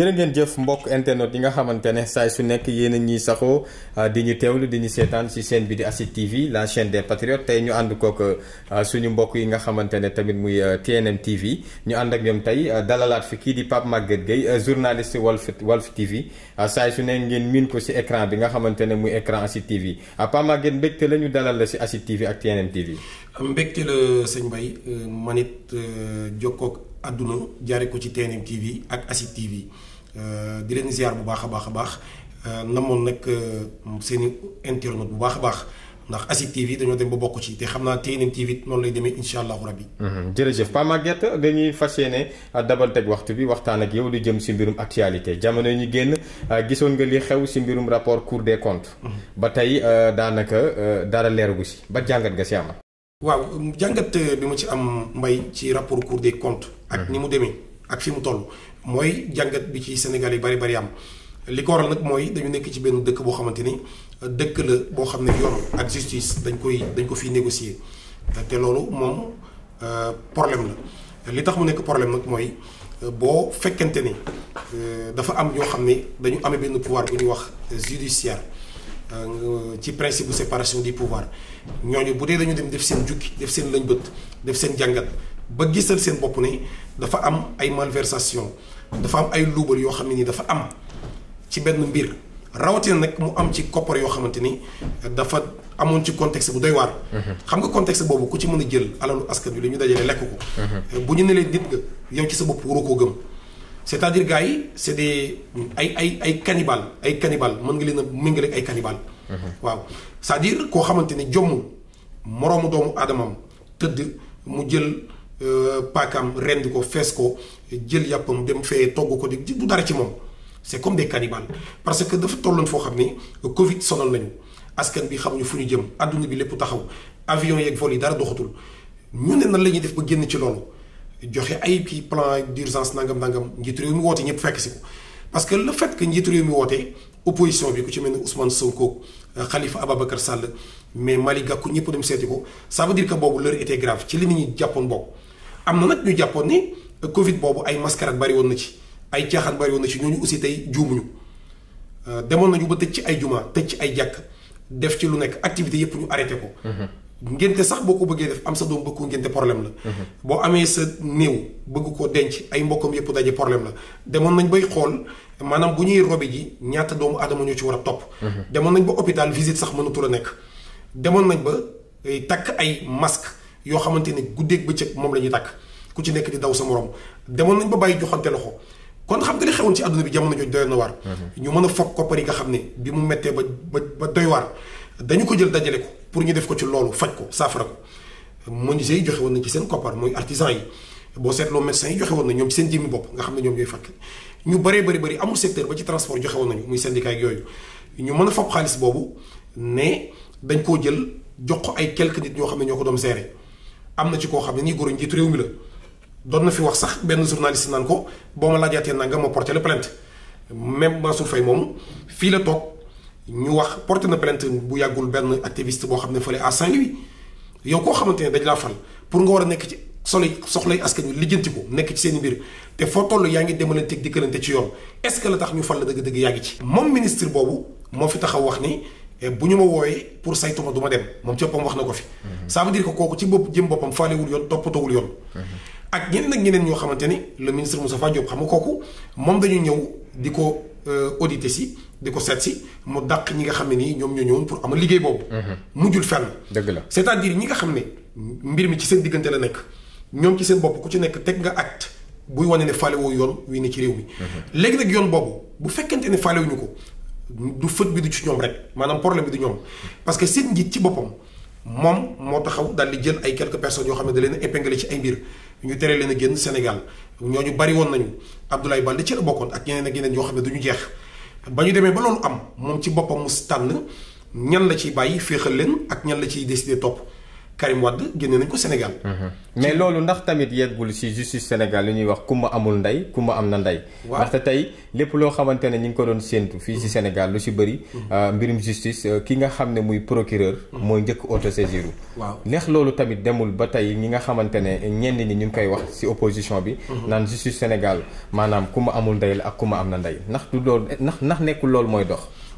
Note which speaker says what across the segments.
Speaker 1: jërë ngeen jëf mbokk internet yi nga xamante ne saay su nekk yéen a ñuy saxoo ah, di ñu teewlu di ñu seetaan si seen bi di ASID TV la chaîne des patriotes tey ñu ànd kook ah, suñu mbokk yi nga xamante ne tamit muy ah, TNM TV ñu ànd ak ñoom tey dalalaat fi kii di Pape Maguette Gueye journaliste Walf Walf TV saay su nekk ngeen miin ko si écran bi nga xamante ne muy écran ASID TV Pape Maguette mbégte la ñu dalal la si ASID TV ak TNM TV.
Speaker 2: mbégte la sëñ Mbaye euh, man it euh, jokkook àdduna jaare ko ci TNM TV ak ASID TV euh, di leen ziar bu baax a baax a baax euh, namoon nag euh, seeni internet bu baax a baax ndax ASID TV dañoo dem ba bokk ci te xam naa TNM TV noon lay demee insha allahu rabbi
Speaker 1: mm-hmm. jërëjëf Pa Maguette dañuy fas yéene dabal teg waxtu bi waxtaan ak yow lu jëm si mbirum actualité jamono yi ñu génn gisoon nga li xew si mbirum rapport Cour des comptes mm-hmm. ba tey daanaka dara leeragu si ba jàngat nga si amal
Speaker 2: waaw jàngat euh, bi ma ci am mbay ci rapport Cour de comptes. ak mhm. ni mu demee ak fi mu toll. mooy jàngat bi ci Sénégal yi bari bari am li ko waral nag mooy dañu nekk ci benn dëkk boo xamante ni dëkk la boo xam ne yoon ak justice dañ koy dañ ko fiy négocier te loolu moom euh, problème la li tax mu nekk problème nag mooy euh, boo fekkente ni dafa am yoo xam ne dañu amee benn pouvoir bu duy wax judiciaire. Euh, ci principe bu séparation di pouvoirs ñooñu bu dee dañu dem def seen jukki def seen lëñbët def seen jàngat ba gisal seen bopp ne dafa am ay malversation dafa am ay luubal yoo xam ne ni dafa am ci benn mbir rawatina nag mu am ci koppar yoo xamante ni dafa amoon ci contexte bu doy waar. Mhm. xam nga contexte boobu ku ci mën a jël alalu askan wi la ñu dajale lekk ko. Mhm. bu ñu ne leen nit nga yow ci sa bopp waroo koo gëm. c'est-à-dire gars yi c'est des ay ay ay cannibales ay cannibales mën nga leen a ay cannibales. Mhm. waaw c'est-à-dire ko xamanteni jom morom doomu adamam teud mu jël euh, pakam rend ko fees ko jël yapam dem fee togg ko di du dara ci mom c'est comme des cannibales parce que dafa tolloon fo xamni Covid sonal nañu askan bi xamuñu fu ñu jëm adduna bi lepp taxaw avion yeeg vol yi dara doxatul ñu ne nan la def ba génn ci loolu joxe ay plan d'urgence nangam nangam réew mi woote parce que le fait que njiitu réew mi woote opposition bi ku ci mel Ousmane Sonko euh, Khalifa Ababacar Sall mais Malick Gakou ñëpp dem seeti ça veut dire que boobu leur était grave ci li nit ñi jàppoon am na ñu jàppoon euh, Covid boobu ay bari woon na ci ay caaxaan bari woon na ci aussi tey juumuñu euh, demoon nañu ba tëj ci ay juma tëj ci ay jàkk def ci lu nekk activité yëpp ñu arrêté ko. Mm-hmm. ngénte sax boo ko bëggee def am sa doom bëgg ko ngénte problème la. Mhm. boo amee sa néew bëgg koo denc ay mbokkam yëpp daje problème la demoon nañ bay xool maanaam bu ñuy robe ji ñaata doomu aadama ñoo ci war a topp. Mhm. demoon nañ ba hôpital visite sax mënatul a nekk. demoon nañ ba eh, takk ay masque yoo xamante ne guddeeg bëccëg moom la ñuy takk ku ci nekk di daw sa morom demoon nañ ba bàyyi joxante loxo. kon xam nga xewoon ci àdduna bi jamono jooju doy na waar. Mhm. ñu mën a foog koppar yi nga xam ne bi mu méttee ba ba doy waar. dañu ko jël dajale ko pour ñu def ko ci loolu faj ko saafara ko menuisiers joxe woon na ci seen koppar mooy artisan yi boo seetloo médecins yi joxe woon na ñoom ci seen jëmmi bopp nga xam ne ñoom ñooy faj ñu bëree bëri bëri amul secteur ba ci transport joxe woon nañu muy syndicat ak a fab xaalis boobu ne dañ koo jël jox ko ay quelques nit ñoo xam ne ñoo ko doon seere am na ci koo xam ne nii góor njiitu réew mi la doon na fi wax sax benn journaliste naan ko boo ma laajaatee nanga ma porté la plainte même Mansour Faye moom fii la toog ñu wax porté na plainte bu yàggul benn activiste boo xam ne fële à Saint-Louis yow koo xamante ne dañ laa fal pour nga war a nekk ci soxlay soxlay askan wi lijjanti ko nekk ci seen mbir te foo toll yaa ngi demalanteeg dikkalante ci yoon est-ce que la tax ñu fal la dëgg-dëgg yaa ngi ci. moom ministre boobu moo fi taxaw wax ni eh, bu ñu ma wooyee pour saytu ma duma dem moom ci boppam wax na ko fi. Mhm. ça veut ko que kooku ci bopp jëm boppam faalewul yoon toppatoowul yoon. Mhm. ak ñeneen ak ñeneen ñoo xamante ni le ministre Moustapha Diop xam nga kooku moom dañu ñëw di ko euh, auditer si. di ko seet si mu dàq ñi nga xam ne nii ñoom ñoo ñëwoon pour ama liggéey boobu.
Speaker 1: Mhm. mujjul fenn. dëgg la
Speaker 2: c'est-à-dire ñi nga xam ne mbir mi ci seen diggante la nekk ñoom ci seen bopp ku ci nekk teg nga acte buy wane ne faale woo yoon wi ne ci réew mi. Mhm. léegi nag yoon boobu bu fekkente ne faale wuñu ko du fët bi du ci ñoom rek maanaam problème bi du ñoom parce que seen njiit ci boppam. moom moo taxaw daal di jël ay quelques personnes yoo xam ne da leen a épinglé ci ay mbir ñu tere leen a génn Sénégal bari woon nañu Abdoulaye Baldé ci la bokkoon ak yeneen ak yeneen yoo xam ne du jeex. ba ñu demee ba loolu am moom ci boppam mu tànn ñan la ciy bàyyi féexal leen ak ñan la ciy décider topp Karim Wade génne nañ ko Sénégal.
Speaker 1: Mhm. mais loolu ndax tamit yeggul ci justice Sénégal on ñuy wax ku amul ndey ku am na ont mhm. Sénégal. ko Sénégal mhm. euh, justice euh, ki nga muy procureur. mooy njëkk neex tamit demul ba ñi nga ñi opposition bi. justice Sénégal comme amul
Speaker 2: na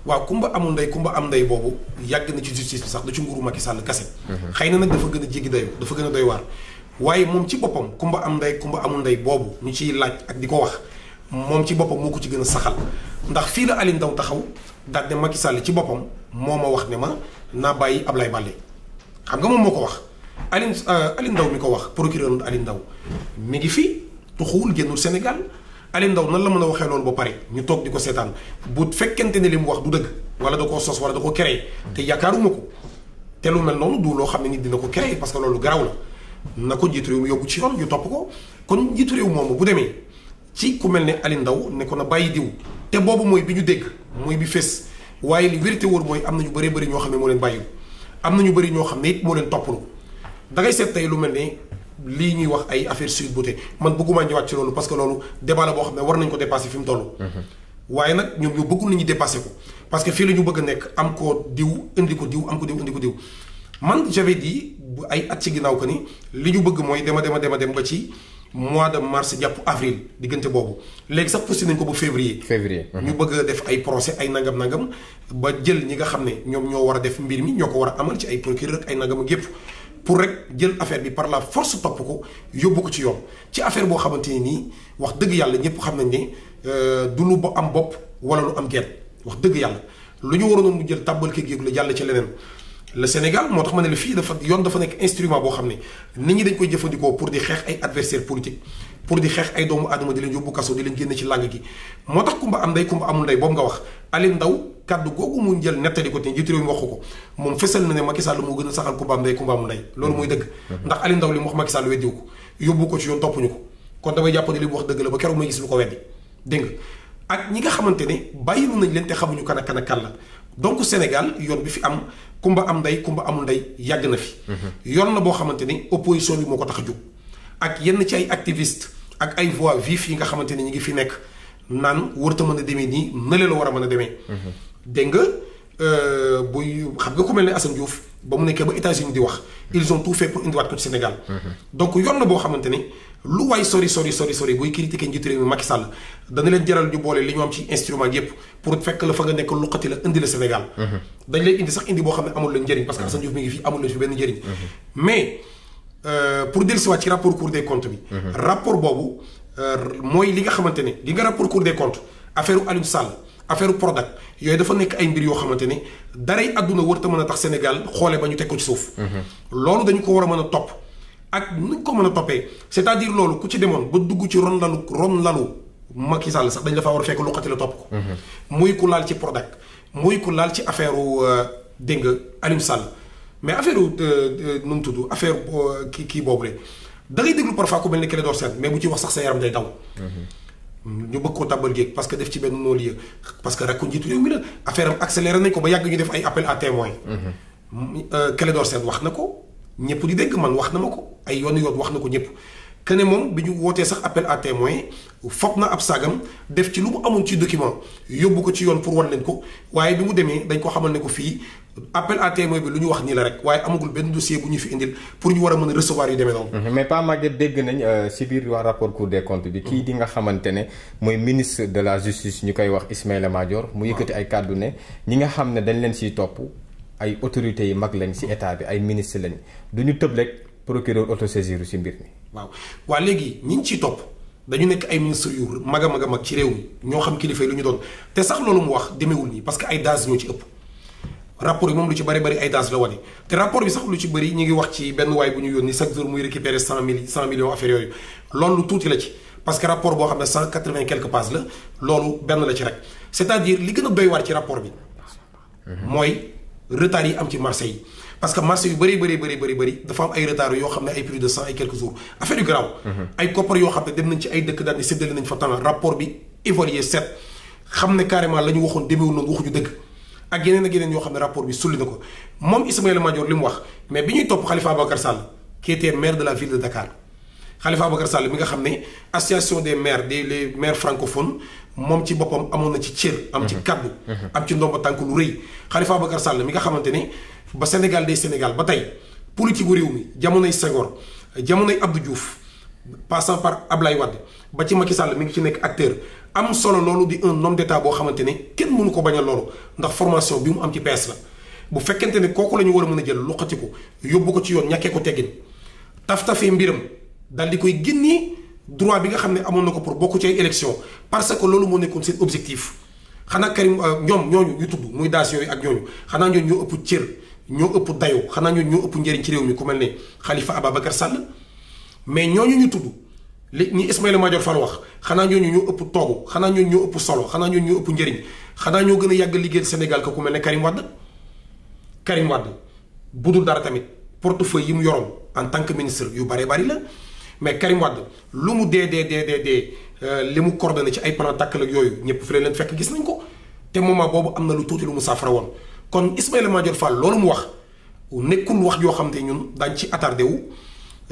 Speaker 2: waaw kumba amul ndey kumba am ndey boobu yàgg na ci justice bi sax da ci nguuru Macky Sall kase mhm. xëy na nag dafa gën a jéggi dayo dafa gën a doy waar waaye moom ci boppam kumba am ndey kumba amul ndey boobu ñu ciy laaj ak di ko wax moom ci boppam moo ko ci gën a saxal ndax fii la Alioune Ndao taxaw daal ne sàll ci boppam moo ma wax ne ma naa bàyyi Ablaye Baldé xam nga moom moo ko wax Alioune euh, alindaw Ndao mi ko wax procureur Alioune Ndao mi ngi fii tuxuwul génnul Sénégal Ali Ndaw nan la mën a waxee loolu ba pare ñu toog di ko seetaan bu fekkente ne li mu wax du dëgg wala da koo sos wala da ko créé te yaakaaruma ko te lu mel noonu du loo xam ne nit dina ko créé parce que loolu garaw na ko njiitu réew mi yóbbu ñu topp ko kon njiitu réew moomu bu demee ci ku Ali Ndaw ne na bàyyi diw te boobu mooy bi ñu dégg mooy bi fés waaye li vérité wóor mooy am na ñu bëree bëri ñoo xam ne moo leen bàyyiwu am na ñu bëri ñoo xam ne moo leen toppalu da ngay seet tey lu mel ne lii ñuy wax ay affaire man bëgguma ñëwaat ci loolu parce que débat la ne war nañ ko dépasser fi mu toll. waaye ñu parce que fii la ñu bëgg nekk am ko diw indi ko am ko indi ko man j'avais dit bu ay at ci ginnaaw que ni bëgg dema dema mois de mars jàpp avril diggante boobu léegi sax poussé ko février.
Speaker 1: février ñu
Speaker 2: bëgg procès ay nangam nangam ba jël ñi nga ne ñoo war def mbir mi ñoo pour rek jël affaire bi par la force top ko yóbbu ko ci yoon ci affaire bo xamanteni ni wax deug yalla ñepp xam nañ ni euh du lu am bop wala lu am genn wax deug yalla lu ñu waroon mu jël tàbbal kii géegu la jàll ci leneen le Sénégal motax mané le fi la fii dafa yoon dafa nekk instrument bo xam ne nit ñi dañ koy jëfandikoo pour di xex ay adversaire politique pour di xex ay doomu aadama di leen yóbbu kasso di leen génne ci langue gi motax kumba am day kumba amul day boobu nga wax Aliou ndaw kaddu googu mu jël nettali ko te njiitu réew mi waxu ko moom fësal na ne Macky Sall moo gën a saxal kumbaam ndey kumbaamu ndey loolu mooy dëgg ndax Ali Ndaw li mu wax Macky Sall weddiwu ko yóbbu ko ci yoon toppuñu ko kon damay jàpp ne li mu wax dëgg la ba keroog may gis lu ko weddi dégg nga ak ñi nga xamante ne bàyyi lu nañ leen te xamuñu kan ak kan ak kan la donc Sénégal yoon bi fi am kumba am ndey kumba amul ndey yàgg na fi mhm. yoon la boo xamante ne opposition bi moo ko tax a jóg ak yenn ci ay ak ay voix vive yi nga xamante ne ñi ngi fi nekk naan wërta mën a demee nii na la war a mën a demee mhm. dengue euh buy xam nga ku mel Assane Diouf ba mu nekkee ba États-Unis di wax ils ont tout fait pour indiwaat ko ci Sénégal. Mhm. donc yoon bo boo lu way sori sori sori sori buy critiquer njiitu réew Macky Sall dañ leen jaral ju bolé li ñu am ci instrument yépp pour fekk la fa nga nekk xati la indi le Sénégal. Mhm. dañ leen indi sax indi bo xam amul leen njëriñ. parce que mhm. Assane Diouf mi ngi fi amul leen fi ben njëriñ. mais euh pour dire ci ci rapport Cour des comptes bi. rapport boobu euh, moy li nga xamante ne li nga rapport Cour des comptes affaire Aliou Sall. affaire Prodac yooyu dafa nekk ay mbir yoo xamante ne daray àdduna warta mën a tax Sénégal xoole ba ñu teg ko ci suuf. Mhm. loolu dañu ko war a mën a topp. ak nuñ ko mën a toppee c'est-à-dire loolu ku ci demoon ba dugg ci ron lalu ron lalu Macky Sall sax dañ dafa war a fekk lu xati la topp ko. Mhm. muy ku laal ci Prodac muy ku laal ci affaire euh, dégg nga Aliou Sall mais affaire euh, euh, nu mu tudd affaire kii kii boobu rek da ngay déglu parfois ku mel ne Clédor mais bu ci wax sax sa yaram day daw. Mhm. ñu bëgg koo tàbbal géej parce que def ci benn non-lieu parce que rakku njiitu réew mi la affaire am nañ ko ba yàgg ñu def ay appel à témoin
Speaker 1: mhm.
Speaker 2: euh, Clédor Sène wax na ko ñëpp di dégg man wax na ma ko ay yoon yoon wax na ko ñëpp que moom bi ñu wootee sax appel à témoin foog na ab saagam def ci lu mu amoon ci document yóbbu ko ci yoon pour wan leen ko waaye bi mu demee dañ ko xamal ne ko fii appel à témoin bi lu ñu wax nii la rek waaye amagul benn dossier bu ñu fi indil pour ñu war a mën a recevoir yu demee noonu. Mm-hmm.
Speaker 1: mais Pape Maguette dégg nañ si euh, biir waa rapport cour des comptes bi. kii mm-hmm. di nga xamante ne mooy ministre de la justice ñu koy wax Ismaïla Madior. mu yëkkati ay kàddu ñi nga xam ne dañ leen siy topp ay autorités yi mag lañ si état bi ay ministre lañ du ñu tëb rek procureur autosaisir si mbir mi.
Speaker 2: waaw waa léegi ñi ñu ciy topp dañu nekk ay ministres yu mag a mag a mag ci réew mi ñoo xam kilifa yi lu ñu doon te sax loolu mu wax demeewul nii parce que ay daas ñoo ci ëpp. rapport yi moom lu ci bëri bëri ay daas la wane te rapport bi sax lu ci bëri ñu ngi wax ci benn waay bu ñu yónni chaque jour muy récupérer cent mille cent millions affaire yooyu loolu tuuti la ci. parce que rapport boo xam ne cent quatre vingt quelques pages la loolu benn la ci rek c' est a doy waar ci rapport bi. mooy retard yi am ci marché yi. parce que marché yu bëri bëri bëri bëri bëri dafa am ay retard yoo xam ne ay plus de cent et quelques jours affaire yu garaaw mhm. ay koppar yoo xam ne dem nañ ci ay dëkk daal ni séddale nañ fa temps rapport bi évoluer. seet xam ne carrément la ñu waxoon demeewul noonu waxuñu dëgg ak yeneen ak yeneen yoo xam ne rapport bi sulli na ko moom Ismaël Madior li mu wax mais bi ñuy topp Khalifa Abakar Sall qui était maire de la ville de Dakar Khalifa Abakar Sall mi nga xam ne association des maires des les maires francophones moom ci boppam amoon na ci cër am ci mhm. kaddu mhm. am ci ndomba tànk lu rëy Khalifa Abakar Sall mi nga xamante ne ba Sénégal de Sénégal ba tey politique gu réew mi jamonoy Senghor jamonoy Abdou Diouf passant par Ablaye Wade ba ci Macky Sall mu ngi ci nekk acteur am solo loolu di un homme d'état boo xamante ne kenn mënu ko bañ a loolu ndax formation bi mu am ci PS la. bu fekkente ne kooku la ñu war a mën a jël loqati ko yóbbu ko ci yoon ñàkkee ko teggin taf-tafee mbiram dal di koy génnee droit bi nga xam ne amoon na ko pour bokk ci ay élection parce que loolu moo nekkoon seen objectif xanaa Karim euh, ñoom ñooñu ñu tudd muy daas yooyu ak ñooñu xanaa ñooñu ñoo ëpp ñoo ëpp dayoo xanaa ñoo ñoo ëpp njëriñ ci réew mi ku mel ne Khalifa Ababacar Sall mais ñooñu ñu tudd li ñi Ismaïla Madior Fall wax xanaa ñu ñoo ëpp toog xanaa ñu ñu ëpp solo xanaa ñooñu ñu ëpp njariñ xanaa ñoo gën a yàgg liggéeyal Sénégal ko ku mel ne Karim Wade Karim Wade bu dul dara tamit portefeuille yi mu yoroon en tant que ministre yu bare bari la mais Karim lu mu dee dee dee dee euh, li mu coordonné ci ay plan tàkkal ak yooyu ñëpp fi lañ fekk gis nañ ko te moment boobu am na lu tuuti lu mu saafara woon kon Ismaïla Madior Fall loolu mu wax nekkul wax yoo xam te ñun daañ ci attardé wu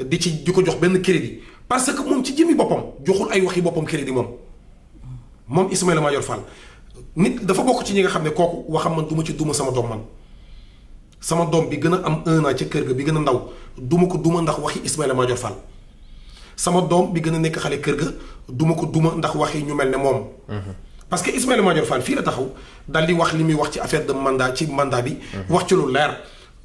Speaker 2: di ci di ko jox benn crédit parce que moom ci jëmmi boppam joxul ay waxi boppam crédit moom moom Ismaïla Madior Fall nit dafa bokk ci ñi nga xam ne kooku waxam man du ma ci duma sama doom man sama doom bi gën a am un an kër ga bi gën a ndaw duma ko duma ndax waxi Ismaïla Madior Fall sama doom bi gën a nekk xale kër ga duma ko duma ndax waxi ñu mel ne moom mm-hmm. parce que Ismaël Madior Fall fi la taxaw dal di wax limi wax ci affaire de mandat ci mandat bi. Mhm. wax ci lu leer.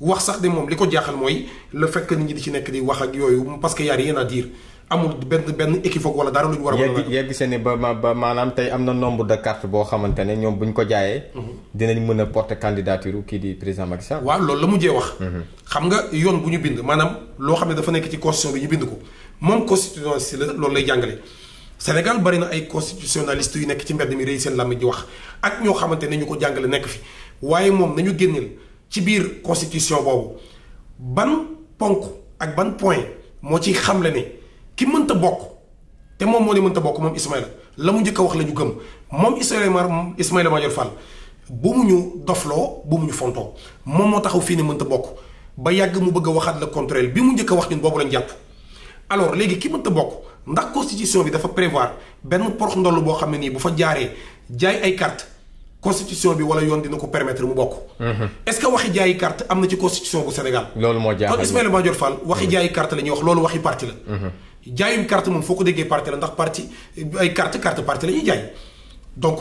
Speaker 2: wax sax de mom liko jaxal moy le fait que nit ñi di ci nekk di wax ak yoyu parce que y a rien à dire amul benn benn équivoque wala dara lu ñu war a. yegg gisee ba ba maanaam tey am
Speaker 1: nombre de cartes bo xamantene ñom buñ ko jaayee. Mhm. dinañ mëna porter candidature kii di président Macky
Speaker 2: Sall. wa loolu la mujjé wax. Mhm. xam nga yoon buñu bind manam lo xam ne dafa nekk ci constitution bi ñu bind ko mom constitution ci loolu lay jàngalé Sénégal bari na ay constitutionnalistes yu nekk ci mbedd mi réy seen làmmiñ di wax ak ñoo xamante ne ñu ko jàngale nekk fi waaye moom nañu génneel ci biir constitution boobu ban ponk ak ban point moo ci xamle ne ki mënta bokk te moom moo ne mënta bokk moom Ismaïla la mu njëkk wax la ñu gëm moom Ismaïla Ismaïla Madior Fall bu mu ñu dofloo bu mu ñu fontoo moom moo taxaw fii ne mënta bokk ba yàgg mu bëgg a waxaat le contraire bi mu njëkk wax ñun boobu lañ jàpp. alors léegi ki mënta bokk ndax constitution bi dafa prévoir ben porox ndoll boo xam ne nii bu fa jaaree J'ai ay carte constitution bi wala yoon dina ko permettre mu bokk. Mhm. est-ce que waxi jaayi carte amna ci constitution bu Sénégal.
Speaker 1: lolou mo jaaxal kon Ismaïla
Speaker 2: Fall waxi mhm. jaayi carte la ñu wax lolou waxi parti la. Mhm. une carte moom foko ko parti la ndax parti ay carte carte parti la ñu jaay donc.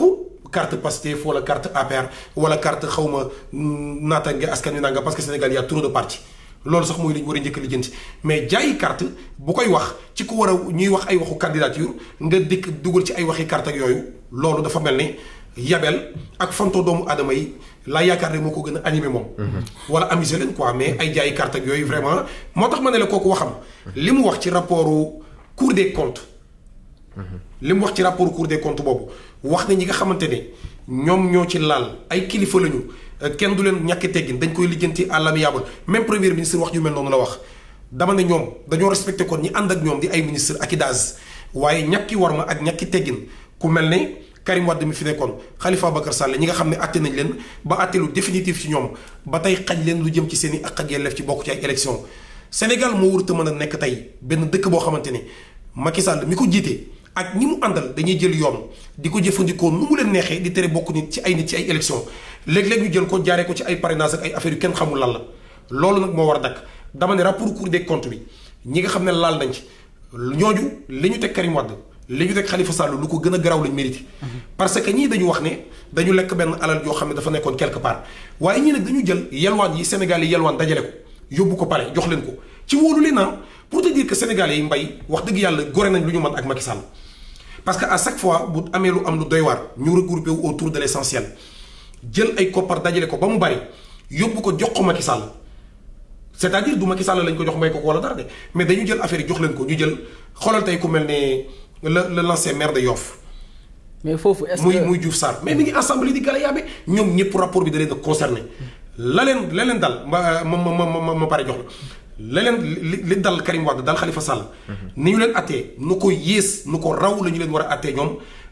Speaker 2: carte Pastef la carte APR wala carte xawma mm, nata nga askan wi parce que Sénégal y a trop de partis loolu sax mooy li war a njëkk lijjanti mais jaayi carte bu koy wax ci ku war a ñuy wax ay waxu candidature nga dikk dugal ci ay waxi carte ak yooyu loolu dafa mel ni yabel ak fanto doomu aadama yi laa yaakaar ne moo ko gën a animé moom. Mhm. wala amuser leen quoi mais ay jaayi carte ak yooyu vraiment moo tax ma ne la kooku waxam. li mu wax ci rapportu cour des comptes. Mhm. li mu wax ci rapport cour de comptes boobu wax na ñi nga xamante ne ñoom ñoo ci laal ay kilifa lañu. Euh, kenn du leen ñàkk teggin dañ koy lijjanti à l'amiable même premier ministre wax ju mel noonu la wax dama ne ñoom dañoo respecté kon ñi ànd ak ñoom di ay ministre ak i daas waaye ñàkki war ak ñàkki teggin ku mel ne Karim Wade mi fi nekkoon Khalifa Bakar Sall ñi nga xam ne àtte nañ leen ba àtte lu définitif ci ñoom ba tey xañ leen lu jëm ci seen i ak ak yelleef ci bokk ci ay élection Sénégal moo wurta mën a nekk tey benn dëkk boo xamante ni Macky Sall mi ko jiite ak ñi mu àndal dañuy jël yoon di ko jëfandikoo nu mu leen neexee di tere bokk nit ci ay nit ci ay élection leg leg ñu jël ko jaaree ko ci ay parrainage ak ay affaire yu kenn xamul lan la loolu nag moo war a dakk dama ne rapport Cour des comptes bi ñi nga xam ne laal nañ ci ñooñu li ñu teg Karim Wade li ñu teg Khalifa Sall lu ko gën a garaaw lañ mérité. parce que ñii dañu wax ne dañu lekk benn alal yoo xam ne dafa nekkoon quelque part waaye ñii nag dañu jël yelwaan yi Sénégal yi yelwaan dajale ko yóbbu ko pare jox leen ko ci wóolu leen naam ah, pour te dire que sénégalais yi mbay wax dëgg yàlla gore nañ lu ñu mën ak Macky Sall parce que à chaque fois bu amee lu am lu doy waar ñu regrouper autour de l' essentiel jël ay koppar dajale ko ba mu bari yóbbu ko jox ko Macky Sall c'est-à-dire du Macky Sall lañ ko jox may ko ko wala dara de mais dañu jël affaire yi jox leen ko ñu jël xoolal tey ko mel ne la la l'ancien maire de Yoff. mais foofu est muy muy Diouf Sarr mais mi ngi assemblée di Galeyaabe ñoom ñëpp rapport bi da leen a concerné. la leen dal ma ma ma ma ma pare jox la la leen li li dal Karim Wade dal Khalifa Sall. Mhm. ni ñu leen attee nu ko yées nu ko raw la ñu leen war a attee ñoom.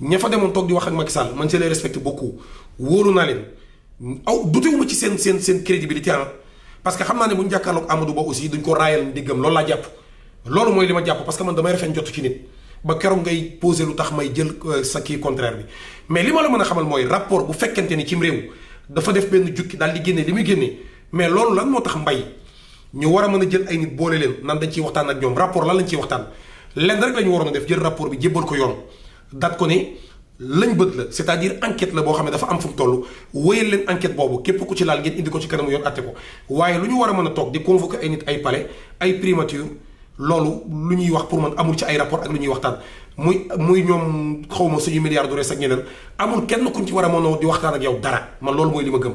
Speaker 2: ña fa demoon toog di wax ak Macky Sall man ci les respecte beaucoup wóolu naa leen aw wuma ci sen sen sen crédibilité ah. parce que xam naa bu ñu Amadou Ba aussi duñ ko rayal digëm loolu la japp loolu moy lima japp parce que man damay rafet jot ci nit ba kéro ngay poser lu tax may jël euh, sa ki contraire bi mais lima la mëna xamal moy rapport bu fekkente ni cim réew dafa def ben jukki dal di génné limuy génné mais loolu lan motax mbay ñu wara mëna jël ay nit boole len nan dañ ci waxtaan ak ñom rapport lan lañ ci waxtaan lenn rek la ñu waroon def jël rapport bi jébbal ko yoon dat ko ne lañ bët la c'est-à-dire enquête la boo xam ne dafa am fu mu toll wéyal leen enquête boobu képp ku ci laal ngeen indi ko ci kanamu yoon atté ko waaye lu ñu war a mën a toog di convoquer ay nit ay palais ay primature loolu lu ñuy wax pour man amul ci ay rapport ak lu ñuy waxtaan muy muy ñoom xawma suñu milliards du res ak ñeneen amul kenn kuñ ci war a mënoo di waxtaan ak yow dara man loolu mooy li ma gëm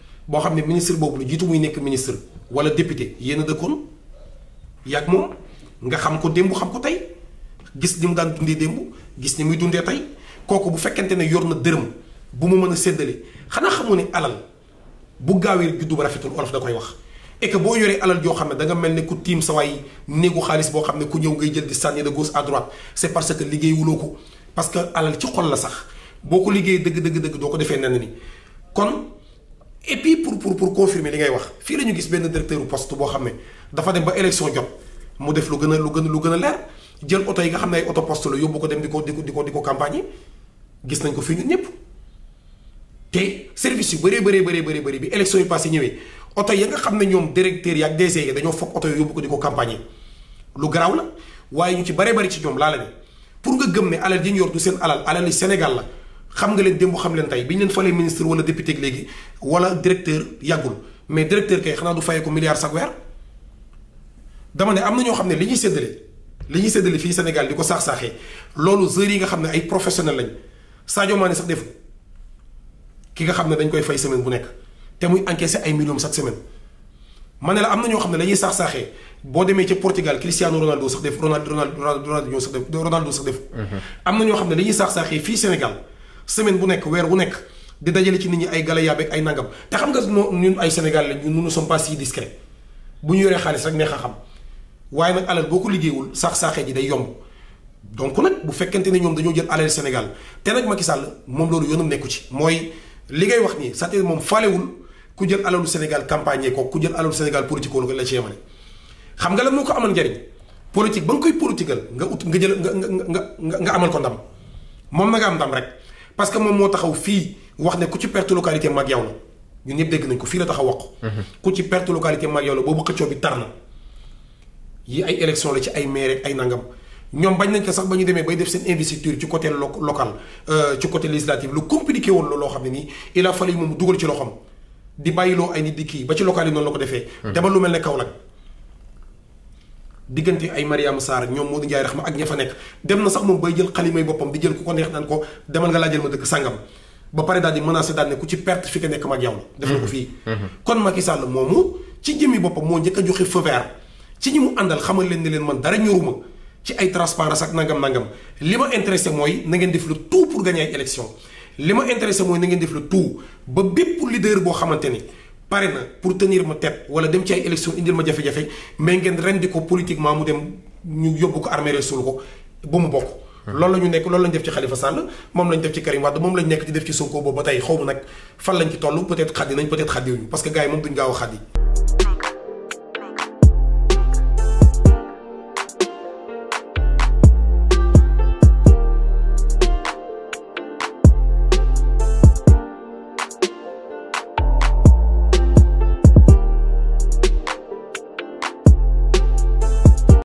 Speaker 2: boo xam ne ministre bobu lu jiitu muy nekk ministre wala député yéen a dëkkoon yàgg moom nga xam ko dembu xam ko tay gis ni mu daan dundee dembu gis ni muy dundé tay koku bu fekkente ne yorna deureum dërëm bu mu mën a séddale xanaa alal bu gaawee juddu ba rafetul olof da koy wax. et que bo yoree alal jo xamné da nga melni ku tim sa waay néegu xaliss bo xamné ku ñew ngay jël di sànni de gauche à droite c'est parce que liggéey wuloko parce que alal ci xol la sax boo ko liggéey deug deug dëgg doo ko defee nen ni kon et puis pour pour pour confirmer li ngay wax fi lañu ñu gis benn directeur poste bo xamné dafa dem ba élection jot mu def lu gëna lu gëna lu gëna lèr leer jël oto yi nga xamné ne ay oto poste la yóbbu ko dem diko diko diko ko campagne yi gis nañ ko fi ñun ñëpp té service yu bëree bëree bëree bëri bëri bi élection yi passé ñëwé auto yi nga xamné ñom directeur yak ak yi dañoo fokk auto yi yóbbu ko di campagne lu garaaw la waaye ñu ci bëree bëri ci ñom laa la ne pour nga gëm ne alal ji ñu du sen alal alal yi Sénégal la xam nga leen démb xam leen tey bi ñu leen falee ministre wala député léegi wala directeur yàggul mais directeur kay xanaa du fayee ko milliard chaque weer dama ne am na ñoo xam ne li ñuy séddale li ñuy séddale fii Sénégal di ko saax-saaxee loolu heures yi nga xam ne ay professionnel lañ Sadio Mané sax def ki nga xam ne dañ koy fay semaine bu nekk te muy encaissé ay millions chaque semaine ma ne la am na ñoo xam ne la ñuy saax-saaxee boo demee ca Portugal Cristiano Ronaldo sax def Ronaldo Ronaldo Ronaldo sax def Ronaldo sax def am na ñoo xam ne la ñuy saax-saaxee fii Sénégal semaine bu nekk weer wu nekk di dajale ci nit ñi ay gala yaabeeg ay nangam te xam nga ñun ay Sénégal la ñun nous ne sommes pas bu ñu yoree xaalis rek neex a xam waaye nag alal boo ko liggéeyul saax-saaxee ji day yomb donc nag bu fekkente ne ñoom dañoo jël alal Sénégal te nag Macky Sall moom loolu yoonam nekku ci mooy li ngay wax nii cest à moom faalewul ku jël alalu Sénégal campagne ko ku jël alalu Sénégal politique ko la ci yemale xam nga la moo ko amal njariñ politique ba nga koy politiqueal nga ut nga jël nga nga nga amal ko ndam moom na am ndam rek parce que moom moo taxaw fii wax ne ku ci perte localité mag yow la ñun ñëpp dégg nañ ko fii la taxaw wax mhm. ku ci perte localité mag yow la boobu xëccoo bi tar na. yi ay élection la ci ay maire ak ay nangam ñoom bañ nañ ko sax ba ñu demee bay def seen investiture ci côté local euh, ci côté législative lu compliqué woon loo xam ne nii il a fallu moom dugal ci loxoom di bàyyiloo ay nit di kii ba ci local noonu la ko defee. Mhm. demal lu mel ne Kaolack. diggante ay Mariama Sarr ak ñoom Modou Ndiaye Rahma ak ña fa nekk dem na sax moom bay jël xalimay boppam di jël ku ko neex naan ko demal nga laa jël ma dëkk sàngam ba pare daal di menacé daal ne ku ci perte fi nga nekk ma ak yow. def na ko mhm. fii. Mhm. kon Macky Sall moomu ci jëmmi boppam moo njëkk a joxe feu vert ci ñi mu àndal xamal leen ne leen man dara ñoruma ci ay transparence ak nangam nangam li ma intéressé mooy na ngeen def le tout pour gagner ay élection li ma intéressé mooy na ngeen def le tout ba bépp leader boo xamante ni. Parrain, pour tenir ma tête wala dem ci ay élection indil ma jafé jafé mais ngeen rendi ko politiquement mu dem ñu ko armée resul ko ba mu bokk. loolu lañu nek loolu lañ def ci Khalifa Sall mom lañ def ci Karim wad mom lañ nek ci def ci Sonko peut-être nañ peut-être parce que gars yi duñ gaaw